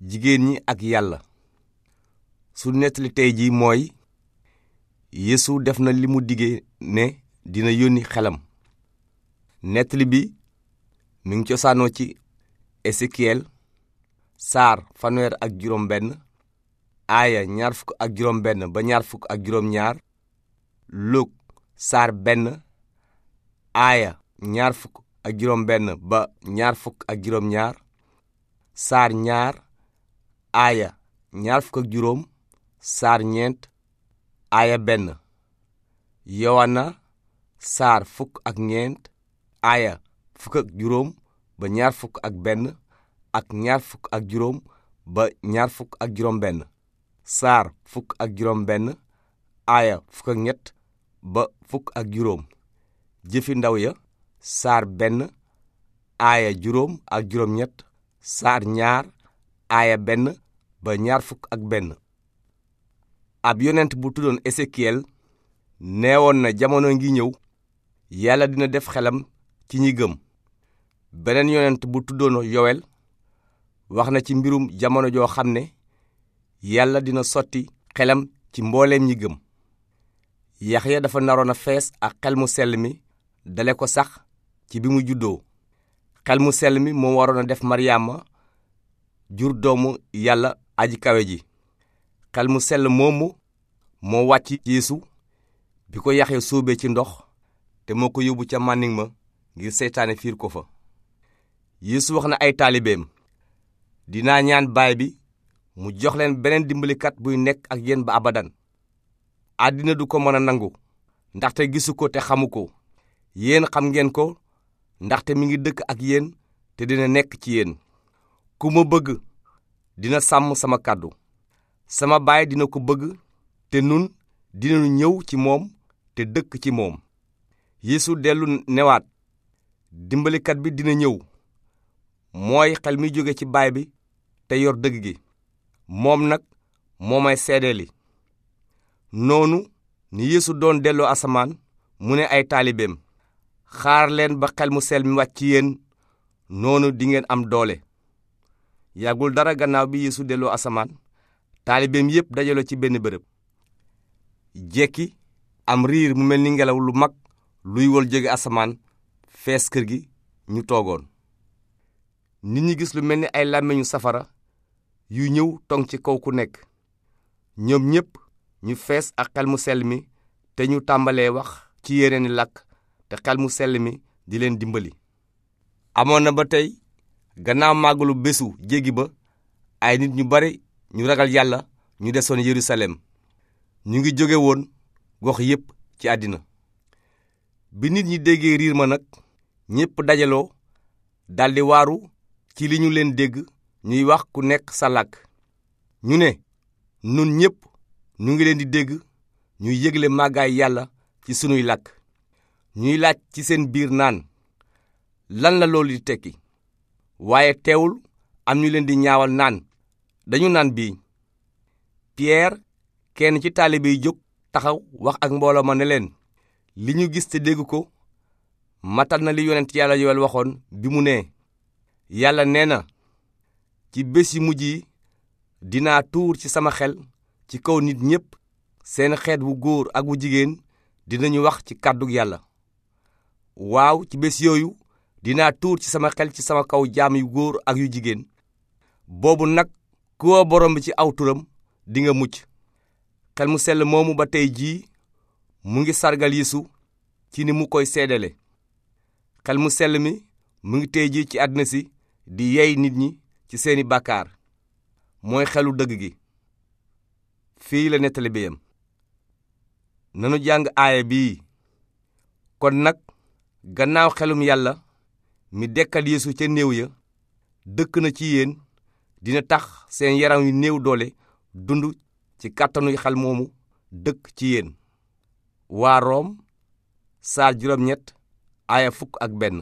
jigéen ñi ak yàlla su nettali tey ji mooy yéesu def na li mu dige ne dina yónni xelam nettali bi mu ngi cosaanoo ci esekiyel saar fanweer ak juróom benn aaya ak juróom benn ba benn aaya ñaar fukk ak juróom benn ba ñaar fukk ak juróom ñaar saar ñaar aaya ñaar fukk ak juróom saar ñeent aaya benn yowana saar fukk ak ñeent aaya fukk ak juróom ba ñaar fukk ak benn ak ñaar fukk ak juróom juróom benn saar fukk ak juróom benn aaya fukk ak ñett ba fukk ak juróom jëfi ndaw ya saar benn aaya juróom ak juróom ñett saar ñaar aaya benn ba ñaar fukk ak benn ab yonent bu tuddoon esekiyel neewoon na jamono ngi ñëw yàlla dina def xelam ci ñi gëm beneen yonent bu tuddoon yowel wax na ci mbirum jamono joo xam ne yàlla dina sotti xelam ci mbooleem ñi gëm yaxya dafa naroon a fees ak xel mu sell mi dale ko sax ci bi mu juddoo xel mu sel mi moo waroon a def maryaama jur doomu yàlla aj kawe ji xel mu sell moomu moo wàcc yéesu bi ko Yaxya sóobee ci ndox te moo ko yóbbu ca màndiŋ ma ngir seytaane fiir ko fa yéesu wax na ay taalibeem dinaa ñaan baay bi mu jox leen beneen dimbalikat buy nekk ak yéen ba abadan àddina du ko mën a nangu ndaxte gisu ko te xamu ko yéen xam ngeen ko ndaxte mi ngi dëkk ak yéen te dina nekk ci yéen ku ma bëgg dina sàmm sama kàddu sama baay dina ko bëgg te nun dinañu ñëw ci moom te dëkk ci moom yéesu dellu newaat dimbalikat bi dina ñëw mooy xel mi jóge ci baay bi te yor dëgg gi moom nag moo may seedeeli noonu ni yéesu doon delloo asamaan mu ne ay taalibeem xaar leen ba xel mu sel mi wàcc ci yéen noonu dingeen am doole yàggul dara gannaaw bi yeesu delloo asamaan taalibeem yépp dajaloo ci benn bërëb jekki am riir mu mel ni ngelaw lu mag luy wol jóge asamaan fees kër gi ñu toogoon nit ñi gis lu mel ni ay làmmiñu safara yu ñëw tong ci kaw ku nekk ñoom ñépp ñu fees ak xel mu sell mi te ñu tàmbalee wax ci yeneeni làkk te xel mu sell mi di leen dimbali amoon na ba tey gannaaw màggalu bésu jéggi ba ay nit ñu bari ñu ragal yàlla ñu desoon Yerusalem ñu ngi jóge woon gox yépp ci àddina bi nit ñi déggee riir ma nag ñépp dajaloo daldi waaru ci li ñu leen dégg ñuy wax ku nekk sa làkk ñu ne nun ñépp ñu ngi leen di dégg ñuy yégle màggaay yàlla ci sunuy làkk ñuy laaj ci seen biir naan lan la loolu di tekki waaye teewul am ñu leen di ñaawal naan dañu naan bii Pierre kenn ci taalibe yi jóg taxaw wax ak mbooloo ma ne leen li ñu gis te dégg ko matal na li yonent yàlla yowel waxoon bi mu nee yàlla nee na ci bés yi mujj yi dinaa tuur ci sama xel ci kaw nit ñépp seen xeet wu góor ak wu jigéen dinañu wax ci kàddu yàlla waaw ci bés yooyu dinaa tuur ci sama xel ci sama kaw jaam yu góor ak yu jigéen boobu nag ku woo borom bi ci aw turam dinga mucc xel mu sell moomu ba tey jii mu ngi sargal yeesu ci ni mu koy seedale xel mu sell mi mu ngi tey jii ci àddina si di yey nit ñi ci seeni bàkkaar mooy xelu dëgg gi fii la nettali bi yem nanu jàng aaya bii kon nag gannaaw xelum yàlla mi dekkal yéesu ca néew ya dëkk na ci yéen dina tax seen yaram yu néew doole dund ci kàttanu xel moomu dëkk ci yéen waa Room saar juróom ñett aaya fukk ak benn